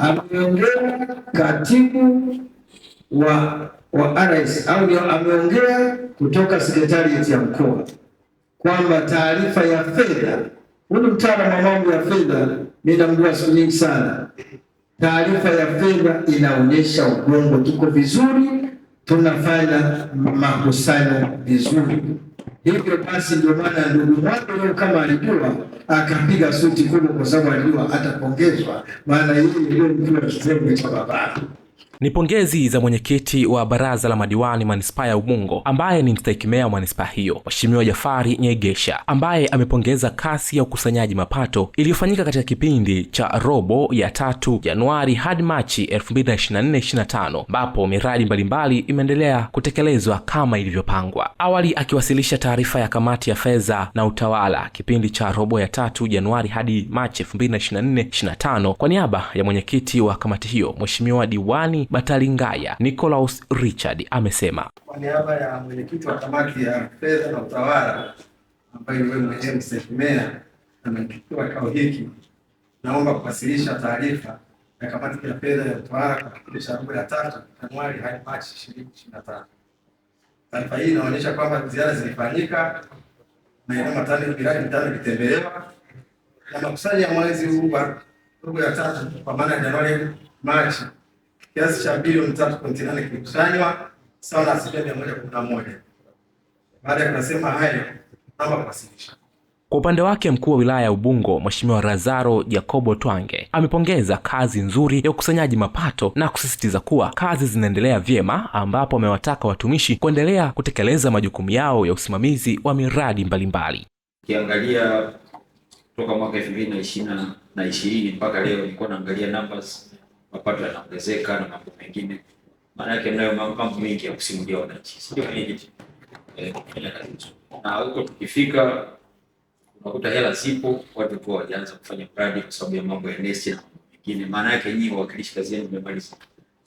ameongea katibu wa wa RS au ameongea kutoka sekretarieti ya mkoa kwamba taarifa ya fedha, huyu mtaalamu wa mambo ya fedha namjua siku nyingi sana. Taarifa ya fedha inaonyesha ugongo tuko vizuri, tunafanya makusanyo vizuri. Hivyo basi ndio maana ndugu leo kama alijua akapiga suti kubwa, kwa sababu alijua atapongezwa, maana yeye ndio mtu wa kitengo cha baba ni pongezi za mwenyekiti wa baraza la madiwani manispaa ya Ubungo ambaye ni mstahiki meya wa manispaa hiyo Mheshimiwa Jafari Nyegesha ambaye amepongeza kasi ya ukusanyaji mapato iliyofanyika katika kipindi cha robo ya tatu Januari hadi Machi 2024-2025 ambapo miradi mbalimbali imeendelea kutekelezwa kama ilivyopangwa. Awali akiwasilisha taarifa ya kamati ya fedha na utawala kipindi cha robo ya tatu Januari hadi Machi 2024-2025 kwa niaba ya mwenyekiti wa kamati hiyo Mheshimiwa Diwani Amani Batalingaya Nicolaus Richard amesema kwa niaba ya mwenyekiti wa kamati ya fedha na utawala ambaye ni wewe mwenyewe Mstahiki Meya na mwenyekiti wa kikao hiki, naomba kuwasilisha taarifa ya kamati ya fedha ya utawala kwa kipindi cha robo ya tatu Januari hadi Machi ishirini ishirini na tano. Taarifa hii inaonyesha kwamba ziara zilifanyika maeneo matano miradi mitano ilitembelewa na makusanyo ya mwezi huu wa robo ya tatu kwa maana ya Januari Machi kiasi cha bilioni 3.8 kikusanywa sawa na asilimia moja moja. Baada ya kusema hayo, naomba kuwasilisha. Kwa upande wake mkuu wa wilaya ya Ubungo Mheshimiwa Lazaro Jacobo Twange amepongeza kazi nzuri ya ukusanyaji mapato na kusisitiza kuwa kazi zinaendelea vyema, ambapo amewataka watumishi kuendelea kutekeleza majukumu yao ya usimamizi wa miradi mbalimbali. Ukiangalia toka mwaka elfu mbili na ishirini mpaka leo, nilikuwa naangalia numbers mapato yanaongezeka na mambo mengine, maana yake mnayo mambo mengi ya kusimulia wananchi, sio mengi eh, kufanya na huko tukifika unakuta hela zipo, watu kwa wajaanza kufanya mradi kwa sababu ya mambo ya nesi na mengine. Maana yake nyinyi wawakilishi kazi yenu mmemaliza,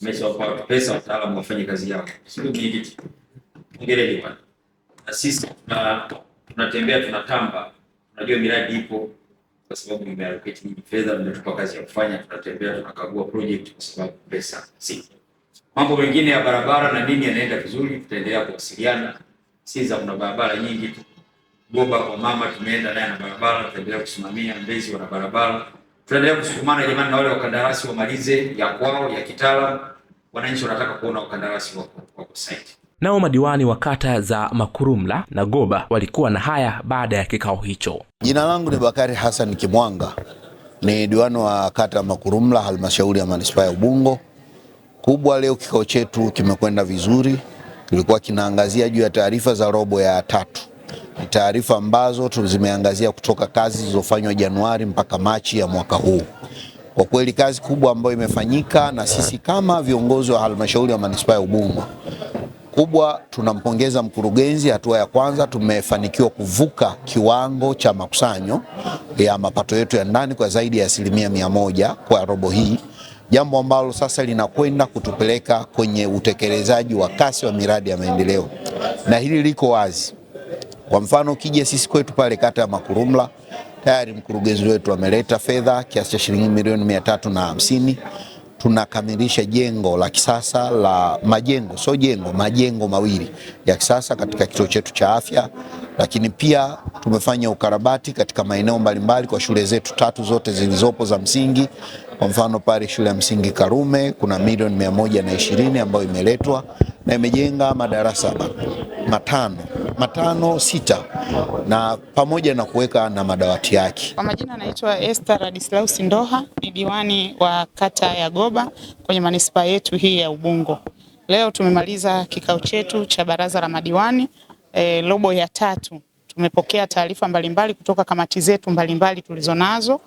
mmeshawapa pesa wataalamu wafanye kazi yao, sio mengi. Hongereni bwana, na sisi tunatembea tunatamba, tunajua miradi ipo kwa sababu nimeallocate nyingi fedha, nimetupa kazi ya kufanya, tunatembea tunakagua project kwa sababu pesa si. Mambo mengine ya barabara na nini yanaenda vizuri, tutaendelea kuwasiliana. Sinza kuna barabara nyingi tu. Goba kwa mama tumeenda naye na barabara, tutaendelea kusimamia Mbezi wana barabara. Tutaendelea kusukumana jamani, na wale wakandarasi wamalize ya kwao ya kitaalamu. Wananchi wanataka kuona wakandarasi wako wako site. Nao madiwani wa kata za Makurumla na Goba walikuwa na haya baada ya kikao hicho. Jina langu ni Bakari Hassan Kimwanga, ni diwani wa kata ya Makurumla, halmashauri ya manispaa ya Ubungo. Kubwa leo kikao chetu kimekwenda vizuri, kilikuwa kinaangazia juu ya taarifa za robo ya tatu. Ni taarifa ambazo tuzimeangazia kutoka kazi zilizofanywa Januari mpaka Machi ya mwaka huu. Kwa kweli kazi kubwa ambayo imefanyika, na sisi kama viongozi wa halmashauri ya manispaa ya Ubungo kubwa tunampongeza mkurugenzi. Hatua ya kwanza tumefanikiwa kuvuka kiwango cha makusanyo ya mapato yetu ya ndani kwa zaidi ya asilimia mia moja kwa robo hii, jambo ambalo sasa linakwenda kutupeleka kwenye utekelezaji wa kasi wa miradi ya maendeleo, na hili liko wazi. Kwa mfano, ukija sisi kwetu pale kata ya Makurumla tayari mkurugenzi wetu ameleta fedha kiasi cha shilingi milioni mia tatu na hamsini tunakamilisha jengo la kisasa la majengo, sio jengo, majengo mawili ya kisasa katika kituo chetu cha afya, lakini pia tumefanya ukarabati katika maeneo mbalimbali kwa shule zetu tatu zote zilizopo za msingi. Kwa mfano pale shule ya msingi Karume kuna milioni mia moja na ishirini ambayo imeletwa na imejenga madarasa matano matano sita na pamoja na kuweka na madawati yake. Kwa majina anaitwa Esther Radislaus Ndoha diwani wa kata ya Goba kwenye manispaa yetu hii ya Ubungo. Leo tumemaliza kikao chetu cha baraza la madiwani e, robo ya tatu. Tumepokea taarifa mbalimbali kutoka kamati zetu mbalimbali tulizonazo,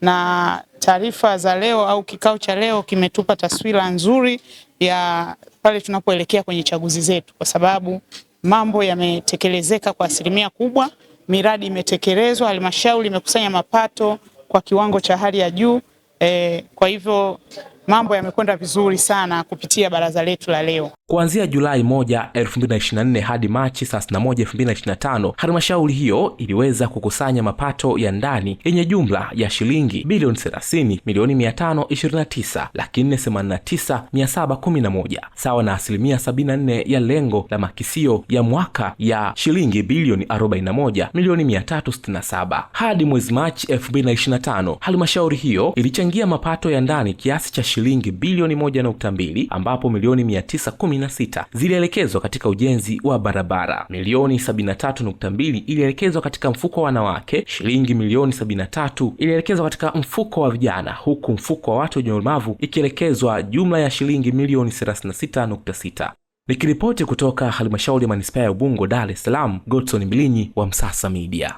na taarifa za leo au kikao cha leo kimetupa taswira nzuri ya pale tunapoelekea kwenye chaguzi zetu, kwa sababu mambo yametekelezeka kwa asilimia kubwa, miradi imetekelezwa, halmashauri imekusanya mapato kwa kiwango cha hali ya juu, E, kwa hivyo mambo yamekwenda vizuri sana kupitia baraza letu la leo. Kuanzia Julai 1, 2024 hadi Machi 31, 2025, halmashauri hiyo iliweza kukusanya mapato ya ndani yenye jumla ya shilingi bilioni 30 milioni 529 laki 489711 sawa na asilimia 74 ya lengo la makisio ya mwaka ya shilingi bilioni 41 milioni 367. Hadi mwezi Machi 2025, halmashauri hiyo ilichangia mapato ya ndani kiasi cha shilingi bilioni 1.2 ambapo milioni 910 76 zilielekezwa katika ujenzi wa barabara. Milioni 73.2 ilielekezwa katika mfuko wa wanawake, shilingi milioni 73 ilielekezwa katika mfuko wa vijana, huku mfuko wa watu wenye ulemavu ikielekezwa jumla ya shilingi milioni 36.6. Nikiripoti kutoka halmashauri ya manispaa ya Ubungo, Dar es Salaam, Godson Mbilinyi wa Msasa Media.